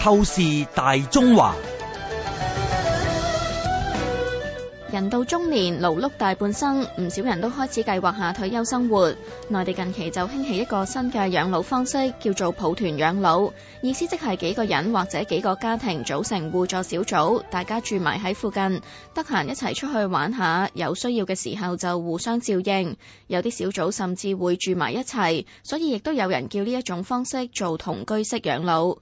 透視大中華，人到中年勞碌大半生，唔少人都開始計劃下退休生活。內地近期就興起一個新嘅養老方式，叫做抱團養老，意思即係幾個人或者幾個家庭組成互助小組，大家住埋喺附近，得閒一齊出去玩下，有需要嘅時候就互相照應。有啲小組甚至會住埋一齊，所以亦都有人叫呢一種方式做同居式養老。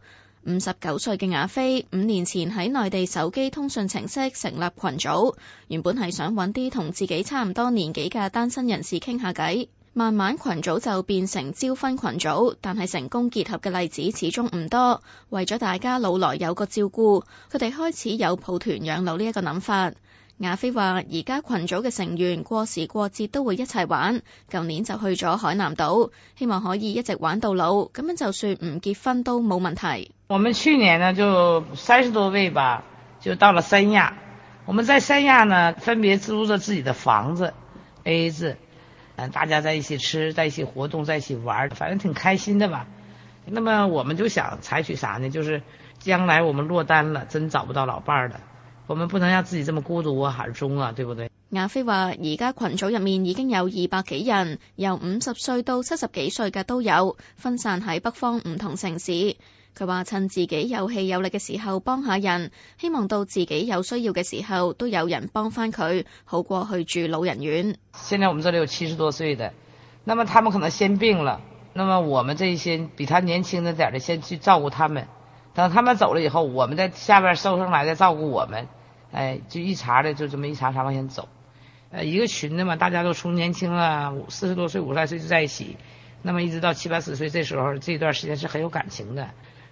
五十九歲嘅雅菲，五年前喺內地手機通訊程式成立群組，原本係想揾啲同自己差唔多年紀嘅單身人士傾下偈，慢慢群組就變成招婚群組，但係成功結合嘅例子始終唔多。為咗大家老來有個照顧，佢哋開始有抱團養老呢一個諗法。亞飛話：而家群組嘅成員過時過節都會一齊玩，舊年就去咗海南島，希望可以一直玩到老，咁樣就算唔結婚都冇問題。我們去年呢就三十多位吧，就到了三亞，我們在三亞呢分別租咗自己的房子，A 字，嗯，大家在一起吃，在一起活動，在一起玩，反正挺開心的吧。那麼我們就想採取啥呢？就是將來我們落單了，真找不到老伴兒了。我們不能讓自己這麼孤獨啊，寒中啊，對不對？亞飛話：而家群組入面已經有二百幾人，由五十歲到七十幾歲嘅都有，分散喺北方唔同城市。佢話趁自己有氣有力嘅時候幫下人，希望到自己有需要嘅時候都有人幫返佢，好過去住老人院。現在我們這裏有七十多歲的，那麼他們可能先病了，那麼我們這一些比他年輕啲點嘅先去照顧他們，等他們走了以後，我們在下邊收上來再照顧我們。哎，就一茬的，就這麼一茬茬往前走，呃，一個群的嘛，大家都從年輕啊，四十多歲、五十來歲就在一起，那麼一直到七八十歲這時候，這段時間是很有感情的，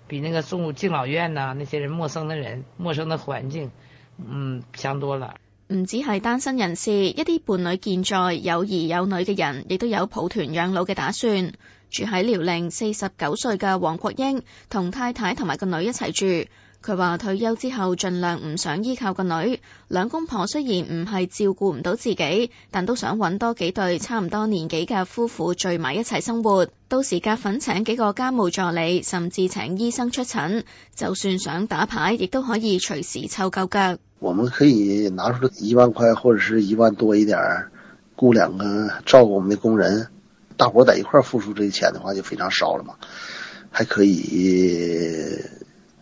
比那個中住敬老院呐、啊、那些人陌生的人、陌生的環境，嗯，強多了。唔止係單身人士，一啲伴侶健在、有兒有女嘅人，亦都有抱團養老嘅打算。住喺遼寧四十九歲嘅王國英，同太太同埋個女一齊住。佢話退休之後盡量唔想依靠個女，兩公婆雖然唔係照顧唔到自己，但都想揾多幾對差唔多年紀嘅夫婦聚埋一齊生活。到時夾份請幾個家務助理，甚至請醫生出診，就算想打牌，亦都可以隨時湊夠腳。我們可以拿出一萬塊或者是一萬多一點，雇兩個照顧我們的工人，大伙在一塊付出這些錢的話，就非常少了嘛，還可以。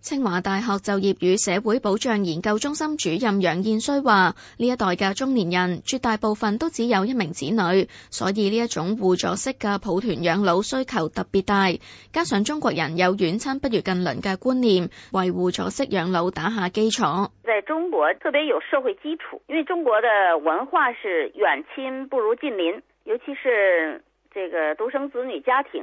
清華大學就業與社會保障研究中心主任楊燕綏話：呢一代嘅中年人，絕大部分都只有一名子女，所以呢一種互助式嘅抱團養老需求特別大。加上中國人有遠親不如近鄰嘅觀念，為互助式養老打下基礎。在中國特別有社會基礎，因為中國的文化是遠親不如近鄰，尤其是這個獨生子女家庭。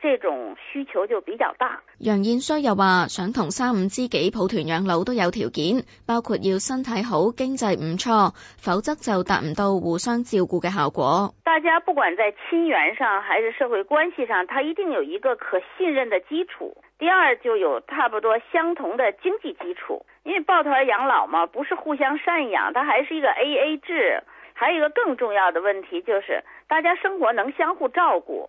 這種需求就比較大。楊燕綏又話，想同三五知己抱團養老都有條件，包括要身體好、經濟唔錯，否則就達唔到互相照顧嘅效果。大家不管在親緣上還是社會關係上，他一定有一個可信任的基礎。第二，就有差不多相同的經濟基礎，因為抱團養老嘛，不是互相贍養，它還是一個 AA 制。還有一個更重要的問題就是，大家生活能相互照顧。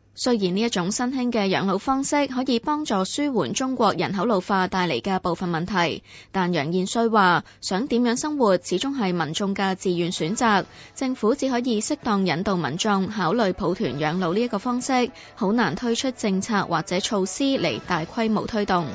雖然呢一種新興嘅養老方式可以幫助舒緩中國人口老化帶嚟嘅部分問題，但楊燕瑞話，想點樣生活始終係民眾嘅自願選擇，政府只可以適當引導民眾考慮抱團養老呢一個方式，好難推出政策或者措施嚟大規模推動。